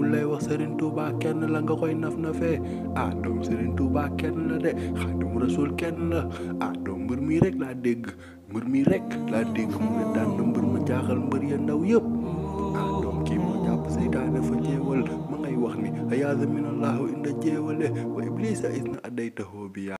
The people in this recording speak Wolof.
bu lay wax Serigne Touba kenn la nga koy naf nafee ah doom Serigne Touba kenn la de Xaadimu Rasuul kenn la ah doom mbër mii rek laa dégg mbër mii laa dégg mu ne daan na mbër ma jaaxal mbër ya ndaw yëpp ah doom kii moo jàpp seytaane fa jeewal ma ngay wax ni ayaasa minallaahu inda jeewale wa iblisa is na addaytahoo bi